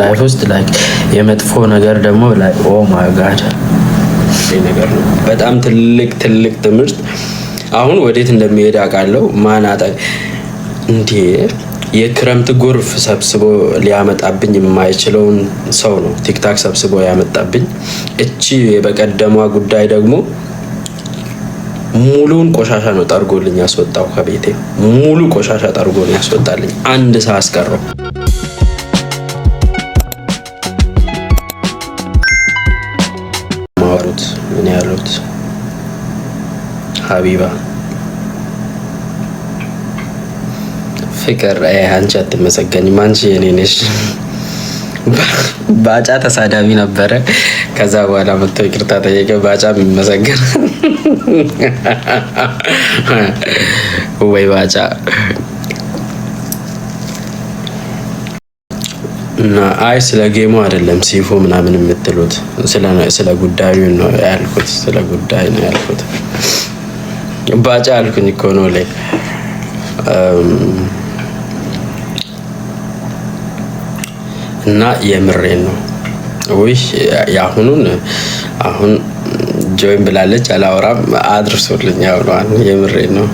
ላይፍ ውስጥ ላይክ የመጥፎ ነገር ደግሞ ላይ ኦ ማይ ጋድ ነገር ነው። በጣም ትልቅ ትልቅ ትምህርት። አሁን ወዴት እንደሚሄድ አውቃለሁ። ማን እንዴ የክረምት ጎርፍ ሰብስቦ ሊያመጣብኝ የማይችለውን ሰው ነው ቲክታክ ሰብስቦ ያመጣብኝ። እቺ የበቀደሟ ጉዳይ ደግሞ ሙሉን ቆሻሻ ነው ጠርጎልኝ ያስወጣው። ከቤቴ ሙሉ ቆሻሻ ጠርጎ ነው ያስወጣልኝ። አንድ ሰዓት አስቀረው። ሀቢባ ፍቅር አንቺ አትመሰገኝም። አንቺ የኔ ነሽ። ባጫ ተሳዳቢ ነበረ። ከዛ በኋላ መጥቶ ይቅርታ ጠየቀ። ባጫ የሚመሰገን ወይ ባጫ እና አይ ስለ ጌሙ አይደለም ሲፎ ምናምን የምትሉት ስለ ጉዳዩ ነው ያልኩት። ስለ ጉዳይ ነው ያልኩት። ባጫ አልኩኝ እኮ ነው ላይ እና የምሬን ነው ውይ የአሁኑን አሁን ጆይን ብላለች አላወራም አድርሶልኝ ያውለዋል የምሬን ነው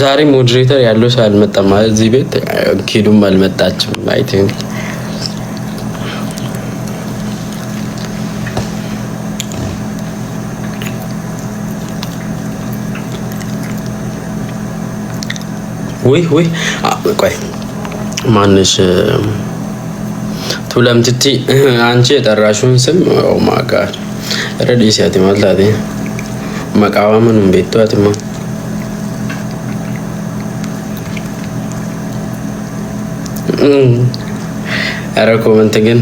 ዛሬ ሞዴሬተር ያለው ሰው አልመጣም። እዚህ ቤት ኪዱም አልመጣችም። አይ ቲንክ ወይ ወይ ቆይ ማንሽ ቱለምትቲ አንቺ የጠራሽውን ስም ኦ ማይ ጋድ ረዲ ረዲስ ያቲማልታቲ መቃወምን ቤቷ ኧረ ኮመንት ግን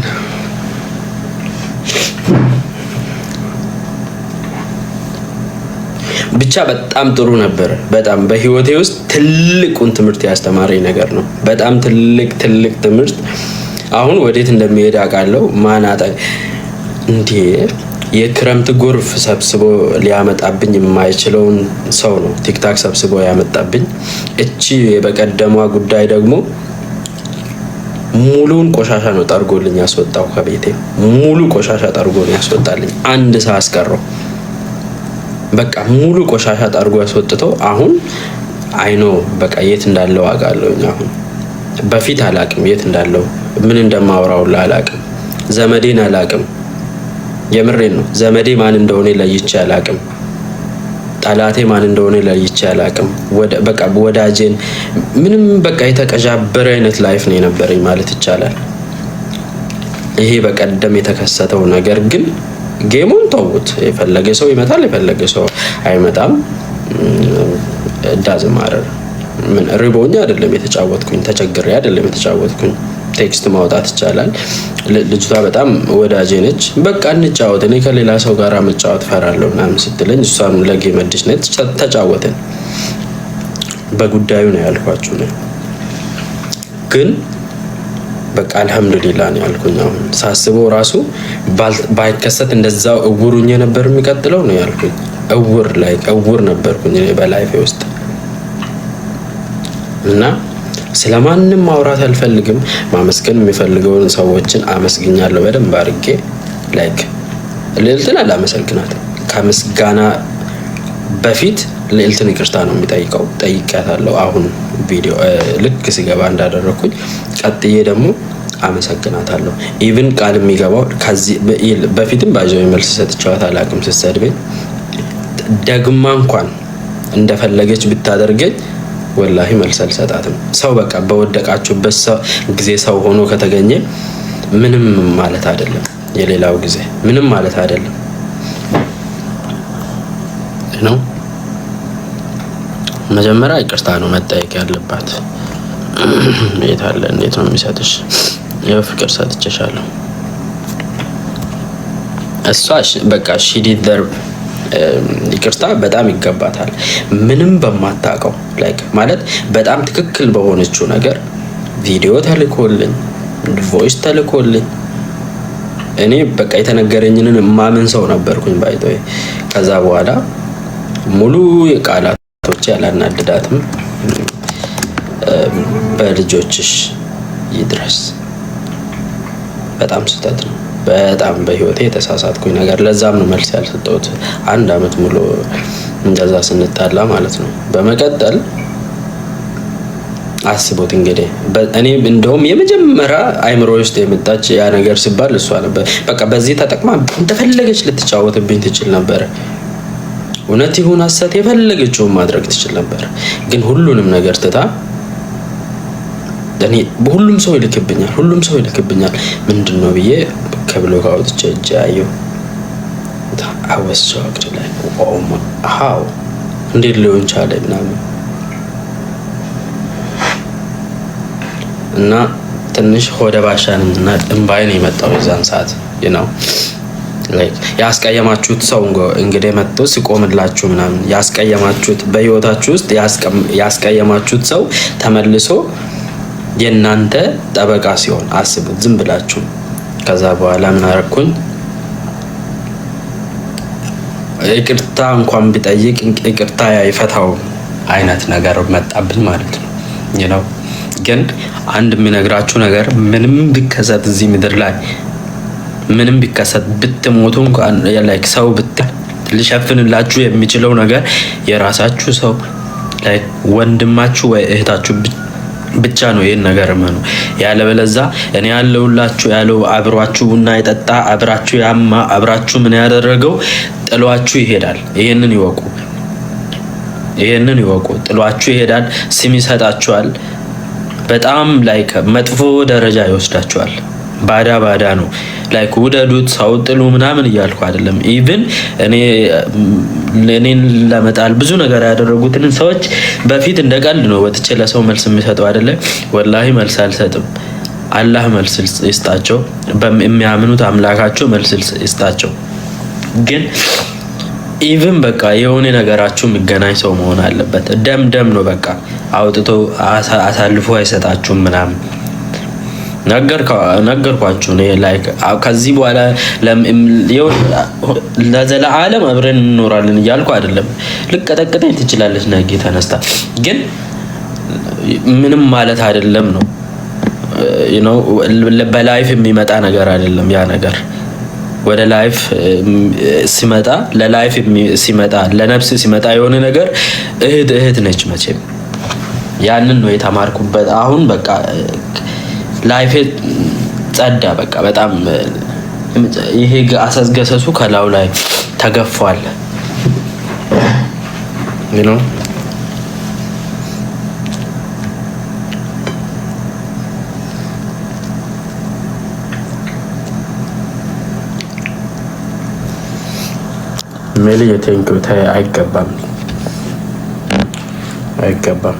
ብቻ በጣም ጥሩ ነበር። በጣም በህይወቴ ውስጥ ትልቁን ትምህርት ያስተማረኝ ነገር ነው። በጣም ትልቅ ትልቅ ትምህርት። አሁን ወዴት እንደሚሄድ አውቃለሁ። ማናጣ እንዴ የክረምት ጎርፍ ሰብስቦ ሊያመጣብኝ የማይችለውን ሰው ነው ቲክታክ ሰብስቦ ያመጣብኝ። እቺ በቀደሟ ጉዳይ ደግሞ ሙሉን ቆሻሻ ነው ጠርጎልኝ ያስወጣው ከቤቴ ሙሉ ቆሻሻ ጠርጎ ነው ያስወጣልኝ። አንድ ሰ አስቀረው። በቃ ሙሉ ቆሻሻ ጠርጎ ያስወጥተው። አሁን አይኖ በቃ የት እንዳለው አውቃለሁ። አሁን በፊት አላቅም፣ የት እንዳለው ምን እንደማወራውላ አላቅም። ዘመዴን አላቅም። የምሬን ነው። ዘመዴ ማን እንደሆነ ለይቼ አላቅም። ጠላቴ ማን እንደሆነ ለይቼ አላቅም። በቃ ወዳጄን ምንም በቃ የተቀዣበረ አይነት ላይፍ ነው የነበረኝ ማለት ይቻላል። ይሄ በቀደም የተከሰተው ነገር ግን ጌሙን ተውት። የፈለገ ሰው ይመጣል፣ የፈለገ ሰው አይመጣም። እዳዝማረር ማረር ምን ርቦኛ አይደለም የተጫወትኩኝ፣ ተቸግሬ አይደለም የተጫወትኩኝ። ቴክስት ማውጣት ይቻላል። ልጅቷ በጣም ወዳጄ ነች። በቃ እንጫወት፣ እኔ ከሌላ ሰው ጋር መጫወት ፈራለሁ ምናምን ስትለኝ እሷም ለጌ መድሽ ነች። ተጫወትን። በጉዳዩ ነው ያልኳችሁ ነው ግን በቃ አልሐምዱሊላ ነው ያልኩኝ። አሁን ሳስበው ራሱ ባይከሰት እንደዛው እውሩኝ ነበር የሚቀጥለው ነው ያልኩኝ። እውር ላይ እውር ነበርኩኝ በላይፌ ውስጥ እና ስለ ማንም ማውራት አልፈልግም። ማመስገን የሚፈልገውን ሰዎችን አመስግኛለሁ በደንብ አድርጌ። ላይክ ልዕልትን አላመሰግናት። ከምስጋና በፊት ልዕልትን ይቅርታ ነው የሚጠይቀው። ጠይቄያታለሁ። አሁን ቪዲዮ ልክ ሲገባ እንዳደረግኩኝ ቀጥዬ ደግሞ አመሰግናታለሁ። ኢቭን ቃል የሚገባው በፊትም ባይዘው መልስ ሰጥቼዋት አላቅም። ስትሰድበኝ ደግማ እንኳን እንደፈለገች ብታደርገኝ ወላሂ መልስ አልሰጣትም። ሰው በቃ በወደቃችሁበት ጊዜ ሰው ሆኖ ከተገኘ ምንም ማለት አይደለም። የሌላው ጊዜ ምንም ማለት አይደለም ነው። መጀመሪያ ይቅርታ ነው መጠየቅ ያለባት። የት አለ? እንዴት ነው የሚሰጥሽ? ይኸው ፍቅር ሰጥቼሻለሁ። እሷ በቃ ሺ ዲድ ደርብ ይቅርታ በጣም ይገባታል። ምንም በማታውቀው ላይክ ማለት በጣም ትክክል በሆነችው ነገር ቪዲዮ ተልኮልኝ፣ ቮይስ ተልኮልኝ እኔ በቃ የተነገረኝንን ማምን ሰው ነበርኩኝ ባይቶ ከዛ በኋላ ሙሉ የቃላቶች ያላናድዳትም በልጆችሽ ይድረስ። በጣም ስህተት ነው። በጣም በህይወቴ የተሳሳትኩኝ ነገር ለዛም ነው መልስ ያልሰጠሁት። አንድ አመት ሙሉ እንደዛ ስንጣላ ማለት ነው። በመቀጠል አስቡት እንግዲህ እኔ እንደውም የመጀመሪያ አይምሮ ውስጥ የመጣች ያ ነገር ሲባል እሷ ነበር። በቃ በዚህ ተጠቅማ እንደፈለገች ልትጫወትብኝ ትችል ነበር። እውነት ይሁን ሀሰት የፈለገችውን ማድረግ ትችል ነበር። ግን ሁሉንም ነገር ትታ ሁሉም ሰው ይልክብኛል፣ ሁሉም ሰው ይልክብኛል ምንድን ነው ብዬ ከብሎ ካውት እጄ አዩ አወሰው አቅድ ላይ ኦማ አሃው እንዴት ሊሆን ቻለ ምናምን እና ትንሽ ሆደ ባሻን እና እምባይ ነው የመጣው የዛን ሰዓት ነው ያስቀየማችሁት ሰው እንግዲህ መጥቶ ሲቆምላችሁ ምናምን ያስቀየማችሁት በህይወታችሁ ውስጥ ያስቀየማችሁት ሰው ተመልሶ የእናንተ ጠበቃ ሲሆን አስቡት። ዝም ብላችሁ ከዛ በኋላ ምን አረኩኝ? ይቅርታ እንኳን ቢጠይቅ ይቅርታ ይፈታው አይነት ነገር መጣብን ማለት ነው ነው። ግን አንድ የሚነግራችሁ ነገር ምንም ቢከሰት እዚህ ምድር ላይ ምንም ቢከሰት ብትሞቱ ላይክ ሰው ብት ሊሸፍንላችሁ የሚችለው ነገር የራሳችሁ ሰው ላይክ ወንድማችሁ ወይ እህታችሁ ብቻ ነው ይህን ነገር መኑ ያለበለዛ እኔ ያለውላችሁ ያለው አብሯችሁ ቡና የጠጣ አብራችሁ ያማ አብራችሁ ምን ያደረገው ጥሏችሁ ይሄዳል። ይህንን ይወቁ፣ ይህንን ይወቁ። ጥሏችሁ ይሄዳል። ስም ይሰጣችኋል። በጣም ላይ መጥፎ ደረጃ ይወስዳችኋል። ባዳ ባዳ ነው። ላይክ ውደዱት፣ ሰው ጥሉ ምናምን እያልኩ አይደለም። ኢቭን እኔን ለመጣል ብዙ ነገር ያደረጉትን ሰዎች በፊት እንደ ቀልድ ነው ወጥቼ ለሰው መልስ የሚሰጠው አይደለ። ወላሂ መልስ አልሰጥም። አላህ መልስ ይስጣቸው፣ የሚያምኑት አምላካቸው መልስ ይስጣቸው። ግን ኢቭን በቃ የሆነ ነገራችሁ የሚገናኝ ሰው መሆን አለበት። ደም ደም ነው በቃ አውጥቶ አሳልፎ አይሰጣችሁም ምናምን ነገርኳችሁ። ከዚህ በኋላ ለዘለዓለም አብረን እንኖራለን እያልኩ አይደለም። ልቀጠቅጠኝ ትችላለች ነገ ተነስታ፣ ግን ምንም ማለት አይደለም ነው በላይፍ የሚመጣ ነገር አይደለም። ያ ነገር ወደ ላይፍ ሲመጣ ለላይፍ ሲመጣ ለነፍስ ሲመጣ የሆነ ነገር እህት እህት ነች መቼም። ያንን ነው የተማርኩበት። አሁን በቃ ላይፌ ጸዳ። በቃ በጣም ይሄ አሰስገሰሱ ከላው ላይ ተገፏል። ሜሊ የቴንክ ታይ አይገባም አይገባም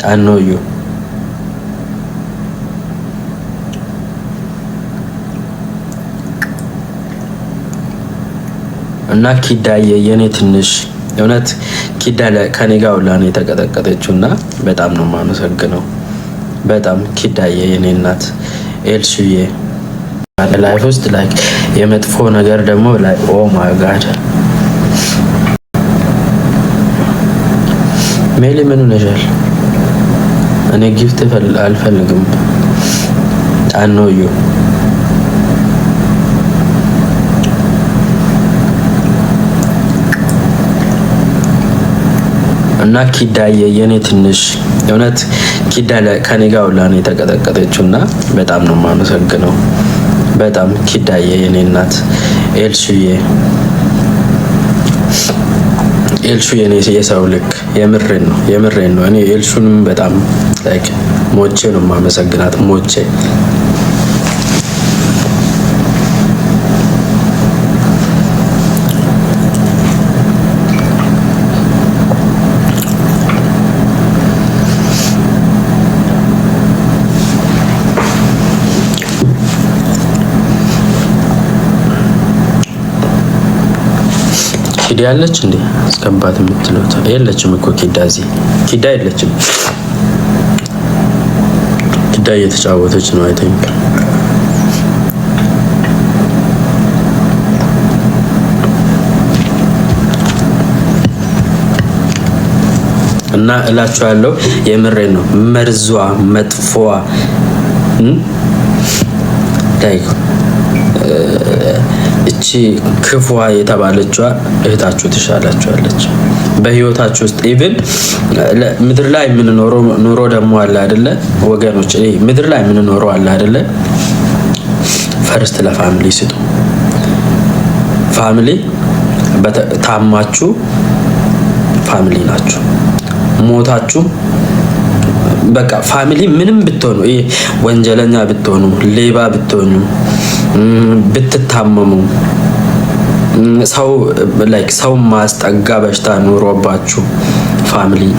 ጣን እና ኪዳዬ የኔ ትንሽ እውነት ኪዳ ከኔ ጋር ውላ ነው የተቀጠቀጠችው እና በጣም ነው የማመሰግነው። በጣም ኪዳዬ የኔ እናት ኤልሱዬ ላይፍ ውስጥ ላይክ የመጥፎ ነገር ደግሞ ላይ ኦ ማይ ጋድ ሜሊ ምን ነሻል እኔ ጊፍት አልፈልግም። ጫነውዩ እና ኪዳዬ የኔ ትንሽ እውነት ኪዳ ከኔ ጋር ውላ ነው የተቀጠቀጠችው እና በጣም ነው የማመሰግነው። በጣም ኪዳዬ የኔ እናት ኤልሹዬ ኤልሹ የኔ የሰው ልክ የምሬን ነው የምሬን ነው። እኔ ኤልሹንም በጣም ሞቼ ነው የማመሰግናት ሞቼ ኪዳ ያለች እንዴ? አስገባት የምትሉት የለችም እኮ ኪዳ እዚህ ኪዳ የለችም። ጉዳይ እየተጫወተች ነው። አይ ቲንክ እና እላችኋለሁ የምሬ ነው። መርዟ መጥፎዋ እቺ ክፉዋ የተባለችዋ እህታችሁ ትሻላችኋለች። በህይወታችሁ ውስጥ ኢቭን ምድር ላይ የምንኖረው ኑሮ ደግሞ አለ አይደለ ወገኖች፣ ምድር ላይ የምንኖረው አለ አይደለ። ፈርስት ለፋሚሊ ስጡ። ፋሚሊ ታማችሁ ፋሚሊ ናችሁ። ሞታችሁ በቃ ፋሚሊ ምንም ብትሆኑ፣ ወንጀለኛ ብትሆኑ፣ ሌባ ብትሆኑ ብትታመሙ ሰው ሰው ማስጠጋ በሽታ ኑሮባችሁ ፋሚሊ